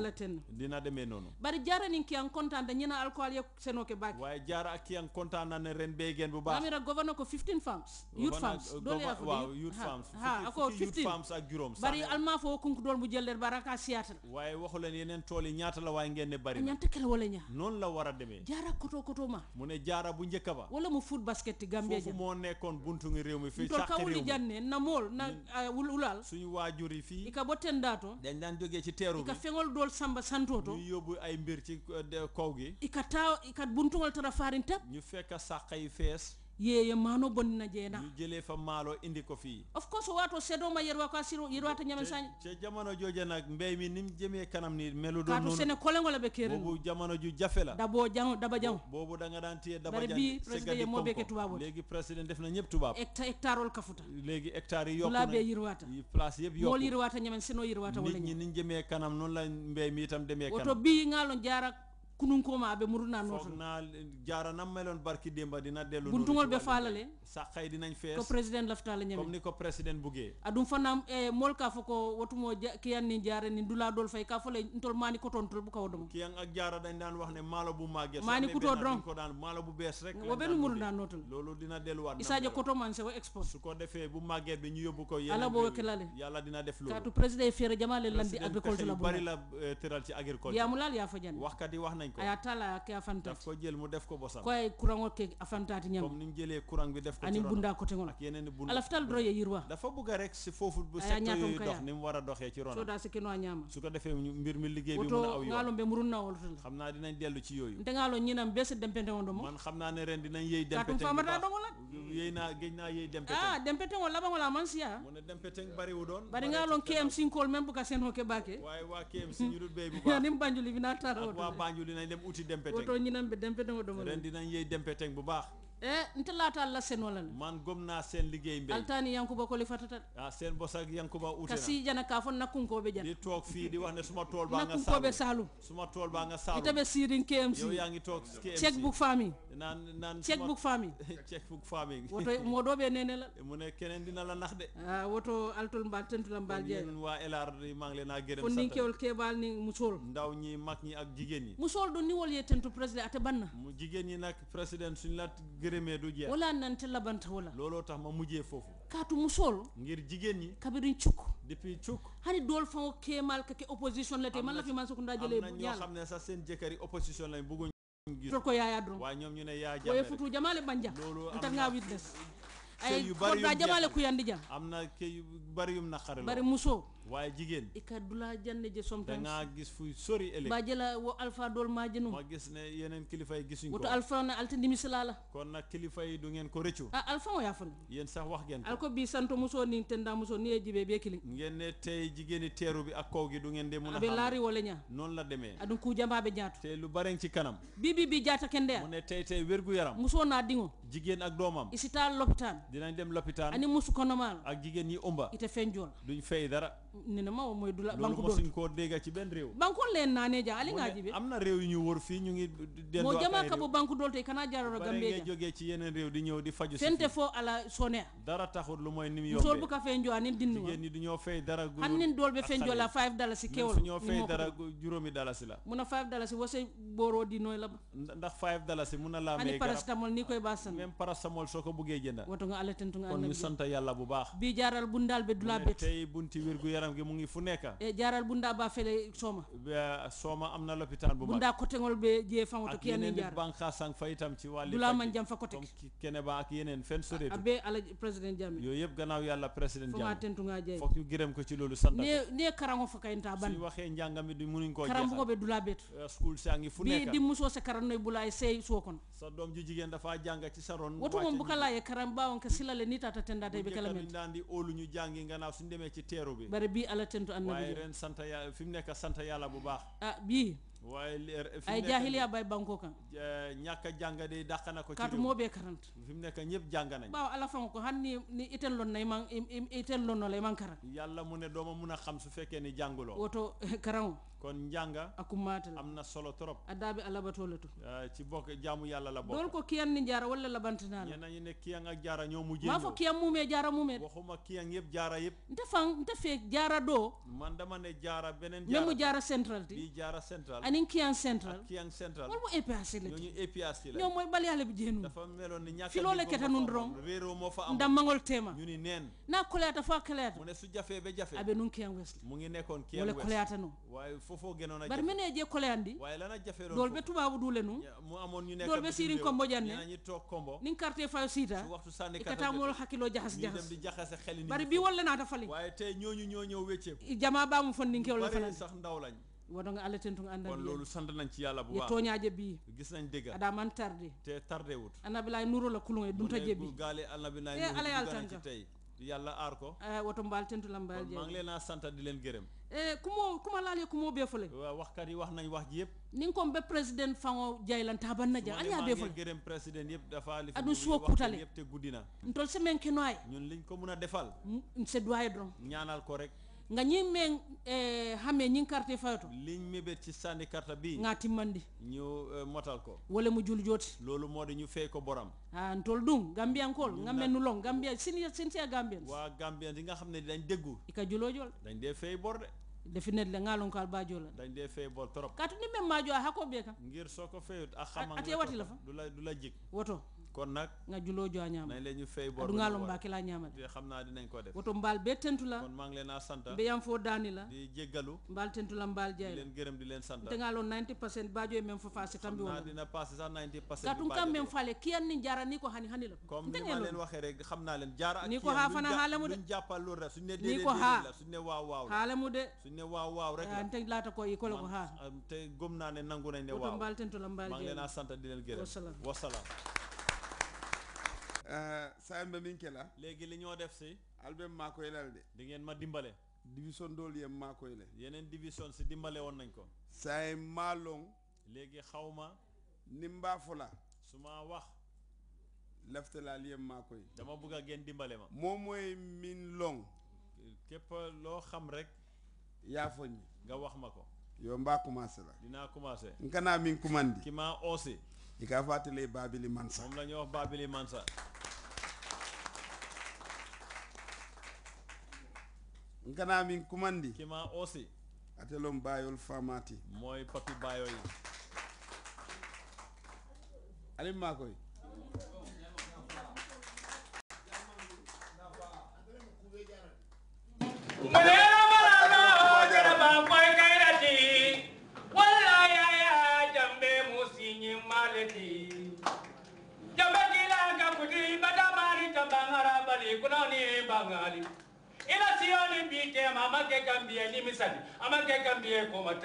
ala ten dina demee noonu bari jaara nin kiyan da na ne ren bu baax amira governor ko 15 farms youth farms euh, dole ya fa waaw youth farms ha ako 15 farms ak juróom bari alma fo kunku dool bu jël der baraka siatal waaye waxu leen yeneen tool yi ñaata la waaye ngeen ne bari ñanta kala wala ñaa noonu la war a demee jaara koto koto ma mu ne jaara bu njëkk ba wala mu foot basket gambia foofu moo nekkoon buntu ngi réew mi fii sax réew mi na mool na euh, wulal suñu waajur yi fii ika botten daato dañ daan jógee ci teeru bi buntuŋol samba santoto ñu yóbbu ay mbir ci euh, kaw gi ikat taaw ikat buntuŋol tara farintab ñu fekk sàq yi fees yeye mano bonna jena jele fa malo indi ko fi of course wato sedo ma yerwa ko asiro yerwa ta nyamen sanyi ce jamano joje nak mbey mi nim jeme kanam ni melu do non kato sene kolengo la be kere ju jafela dabo jang daba jang bobu da nga dan tiye daba jang bi president ye mobe ke tubabo def na ñep tubab hectare hectare ol kafuta legi hectare yok na be yerwata yi place yeb yok mol yerwata nyamen seno yerwata wala ñi ni jeme kanam non la mbey mi itam demee kanam oto bi ngalon jarak kununkooma be muruna noto na jara nam melon barki demba dina delu buntuŋol be faalale sa xay dinañ fees ko président laftala ñami comme ni ko président bugee adum fana e eh, mol ka fo bu daan wax ne maalo bu magge mani kuto dron ko daan maalo bu bees rek bu magge bi ñu yóbbu ko yéen ala bo wekkelale yàlla kaatu président fere jamale la bu bari la eh, teral ci agriculture ya fa jan nañ ko aya tala ke afantati daf ko jël ñam comme ni mu jëlee courant bi def ko ani bunda ak yeneen ni mu war a doxee ci da se kino ñama su ko defee mbir mi liggéey bi mën a aw yoon ngalo be murun na wol tul xam naa dinañ ci yooyu ndengalo ñinam bes dempente wondo mo man xam ko famata do wala yey na geñ na yey dempete ah ko même bu ka sen ho ke banjuli bi na taro waa banjuli dinañ dem uti dempe teng woto ñinan ɓe dempe teng o dinañ yeey dempe bu baax eh ntelata alla senola la man gomna sen liggey mbey altani yankuba ko li fatata ah sen bosak yankuba utena kasi jana ka fon nakun ko be jana di tok fi di wax ne suma tol ba nga salum be salum ba nga salum itabe sirin KMC yow yaangi tok KMC checkbook la e mu ne keneen dina la nax de ah, woto altol mbal tentu la mbal je wa elar ma ngi leena ni kewol kebal ndaw ñi mag ñi ak jigéen ñi musol do niwol ye tentu président ate banna mu jigéen ñi nak président suñ la gërem térémé du jeex wala nante labanta wala looloo tax ma mujjee foofu kaatu musol ngir jigéen ñi kabirin cuk depuis cuk hani dool fan kéemal ka ke opposition la te man la fi man sukunda jëlee bu ñoo seen jëkkëri opposition lañ bëgguñ gis ko yaaya drum waaye ñoom ñu ne yaa jàmm waaye futu jamaale banja loolu am nga witness ay yu bari yu jamaale ku yandi jam am na ke yu bari yum naqare bari musoo waaye jigéen du laa dula janne je sometimes dangaa gis fuy sori ëllëg baa jëla wo alpha dool maa jënu ma gis ne yeneen kilifa yi gisuñ ko woto alpha na alta ndimi la kon nag kilifa yi du ngeen ko rëccu ah alpha o yaa fan yéen sax wax ngeen ko alko bii santo musoo ni tenda musoo ni e jibee bee kili ngeen ne tey jigéeni teeru bi ak kaw gi du ngeen de mun a xam laari wala ñaa noonu la demee adun ku jambaabe jaatu te lu bareng ci kanam bii bii bii jaata kende mu ne tey tey wérgu yaram musoo naa dingo jigéen ak doomam isitaal lopitaan dinañ dem lopitaan ani musu konomaal ak jigéen yi ëmba ite feeñ jool fay dara nenema o moy dula banku do ko dega ci ben rew banku len nané ja ali nga be amna rew yu ñu wor fi ñu ngi dendo mo jama ka bu banku dolte kana jaroro gambe ja joge ci yenen rew di ñew di faju sente fo ala soné dara taxut lu moy nim yo sol bu ka fen jo anin dinnu ñen ni dañu fay dara gu anin dol be fen jo la 5 dollars ci kewol ñu fay dara gu juromi dollars la muna 5 dollars wose boro di noy la ndax 5 dollars muna la me ani paracetamol ni koy basan même paracetamol soko bugge jënda wato nga ala tentu nga kon ñu sante yalla bu baax bi jaral bu ndal be dula bet tay bunti wirgu yaram gi mu ngi fu nekka e eh, jaral bunda ba fele soma soma am na lopitaan bu mag bunda côté ngol be je fango to kiyani jaar ak banka sang fa itam ci wàlli dula man jam fa côté kene ba ko ci loolu sant ne ne karango fa kayinta ban su waxee njàngam mi du eh, sa doom ju jigéen dafa jàng ci sa ron wotu mom bu kala ye karam baawon ka silale nitata tendata be kala met ndandi olu ñu jàngi bii ala tentu annabi waaye ren sant yàlla fi mu nekk sant yàlla bu baax ah bii waaye leer ay jaahiliya bay banko kan ñàkk a jànga de dàq na ko kaatu moo bee karant fi mu nekk ñëpp jàng nañ baaw ala fan ko xam ni ni itel loon nay man itel loon no lay man karan yàlla mu ne dooma mun a xam su fekkee ni jànguloo woto eh, karan kon njànga akumaata la am na solo trop a daabi alabatoo la tu ah, ci bokk jaamu yàlla la bokk dool ko kiyan ni jaara walla labantinaa la ñenn ñi ne kiyan ak jaara ñoo mujjee maa fo kiyan muumee jaara muumee waxuma kiyan yëpp jaara yëpp nte fan nte fee jaara doo man dama ne jaara beneen jaara même mu jaara central in Kiang Central Kiang Central wol mo APRC ñoo APRC la ñoo mooy bal yàlla bi jeenu dafa meloon ni ñàkk keta nun dong réeroo teema ñu ni neen naa koleata faa mu ngi nekkoon Kiang West wala koleata nu waaye a bari mene je koleyandi waaye lana jafe lool dool be tubaabu duule nu mu amoon ñu nekk dool be siirin kombo janne ñi toog kombo ni siita waxtu sànni kata mool xakkiloo jaxas jaxas bari bi wala naa ta fali waaye tey ñooñu ñoo ñëw wéccee jamaa baa mu fon ni nkew la sax ndaw lañ woto nga alla tentu nga àndal kon loolu sant nañ ci yàlla bu baax tooñaaje bii gis nañ dégga aɗa man tarde te tardé wut annabi laay nuro la kulunge dunta jebbi gaale annabi naay e yàlla aar ko eh, woto mbaal tentu la mbaal jeex maa ngi leen a sant di leen gërëm eh, kumo kuma laale kumo bee waa waaw waxkat yi wax nañ wax ji yëpp ni koom ko be président fango jaylanta banna ja añaa bee fole gërëm président yëpp dafa li aɗum suwo kutale yëpp te guddi na ntol semaine kenoye ñun liñ ko mun a defal c'est mm, doye dron ñaanal ko rek nga ñiŋ meŋ hamee eh, ñiŋ karite fayoto liŋ mébét ci sànni karta bi ŋa timmandi ñu eh, motal ko wala mu jul jooti loolu moo di ñu fey ko boram ah ntol duŋ gambiyankool ŋa men nu loŋ gambiya senior sincere gambians waa gambians yi nga xam ne dañ déggu i ka juloo jol dañ dee fey bor de definitely ngalon kal bajo la dañ dee fay bor trop katu ni même maajo a hakko bee ngir soo ko feyut a xama ate wati la fa du la du la jik woto kon nag nga juloo jo a ñaama nañ leen xam naa dinañ ko def woto mbaal be tentu la a sant mbeyam fo di mbaal jaay leen gërëm di leen sant te ngalo 90 percent bajo men la comme leen waxee rek xam naa leen jaara ak ni ko ne déedéet waaw waaw haalamu de suñu ne waaw waaw rek la laata ko yi ko ko ha te gëm naa ne nangu nañ ne waaw woto mbaal tentu la mbaal jaay maa leen a sant di leen gërëm wasalaam Euh, sayemba min ke la léegi li ñoo def si albem maa koy lal de di ngeen ma dimbale division dool yem maa koy le yeneen division si dimbale woon nañ ko saye maa long léegi xaw ma ni mbaa la su ma wax lefte laal yem maa koy dama bugg a ngeen dimbale ma moom mooy miin long képp loo xam rek yaafoo foñ nga wax ma ko yow mbaa commencé la dinaa commencé nkanaa min kumandi ki maa oosi i ka fàttali baabili mansa moom la ñuy wax baabili mansa nkana min kumandi kima osi atelom bayol famati moy papi bayo yi alim makoy kumane Jambe kila ngakudi badamari tambangara bali kunani bangali ni ila sioni bite ama amake gambie limisani amake gambie komata